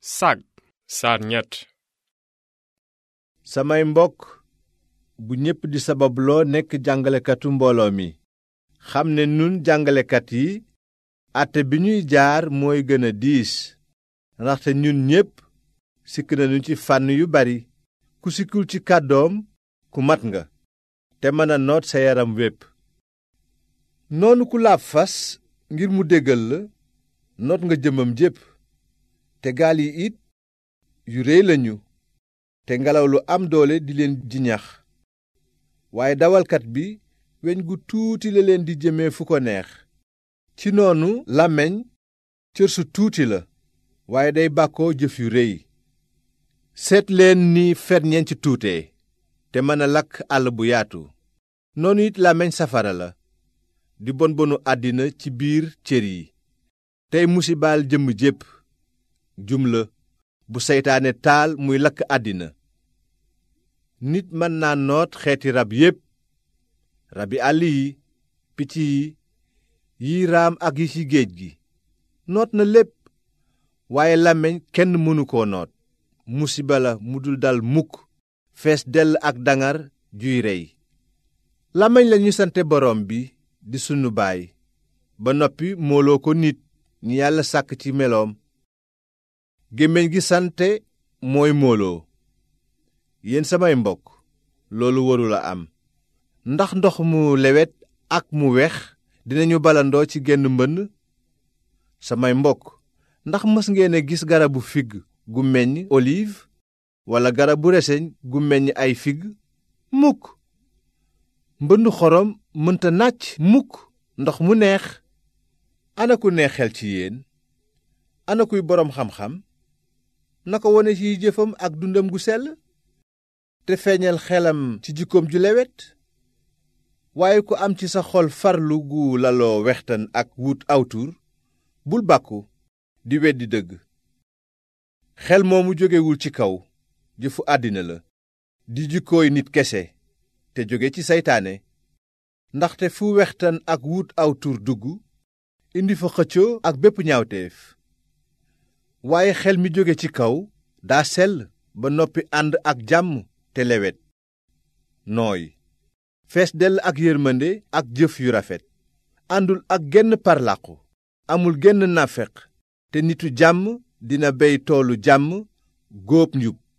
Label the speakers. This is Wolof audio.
Speaker 1: sag samay mbokk bu ñépp di sababloo nekk jàngalekatu mbooloo mi xam ne nun jàngalekat yi àtte bi ñuy jaar mooy gëna diis ndaxte ñun ñépp sikk nañu ci fànn yu bari ku sikkul ci kàddoom ku mat nga te mën a noot sa yaram wépp noonu ku laab fas ngir mu déggal la noot nga jëmam jépp te gaal yi it yu réy lañu te ngelaw lu am doole di leen ñax waaye dawalkat bi weñ gu tuuti la leen di jëmee fu ko neex ci noonu làmmiñ cër su tuuti la waaye day bàkkoo jëf yu réy seet leen ni ferñeent ci tuute te mën a lakk àll bu yaatu noonu it làmmiñ safara la di bon bonu àddina ci biir cër yi tey musibaal jëmm jépp jumla bu seytaane taal muy lakk àddina nit mën naa noot xeeti rab yépp rabi àll yi picc yi yi raam ak yi ci géej gi noot na lépp waaye làmmiñ kenn mënu koo noot musiba la mu dul dal mukk fees dell ak dangar juy rey làmmiñ lañu sante boroom bi di sunu baay ba noppi mooloo ko nit ñi yàlla sàkk ci meloom gémmiñ gi sante mooy mbooloo yéen samay mbokk loolu warul a am ndax ndox mu lewet ak mu wex dinañu balandoo ci genn mbënn samay mbokk ndax mës ngeen a gis garabu figg gu meññ olive walla garabu reseñ gu meññ ay figg mukk mbënn xorom mënta nàcc mukk ndox mu neex ana ku xel ci yéen ana kuy boroom xam-xam na ko wone ci jëfam ak dundam gu sell te feeñal xelam ci jikkoom ju lewet waaye ku am ci sa xol farlu gu laloo wextan ak wut awtuur bul bàkku di weddi dëgg xel moomu jógewul ci kaw jëfu àddina la di jikkooy nit kese te jóge ci seytaane ndaxte fu wextan ak wut awtuur dugg indi fa xëccoo ak bépp ñaawteef waaye xel mi jóge ci kaw daa sell ba noppi ànd ak jàmm te lewet nooy fees dell ak yërmande ak jëf yu rafet àndul ak genn parlaqu amul genn nafeq te nitu jàmm dina bey toolu jàmm góob njub